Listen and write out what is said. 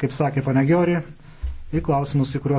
kaip sakė ponia Giori, į klausimus, į kuriuos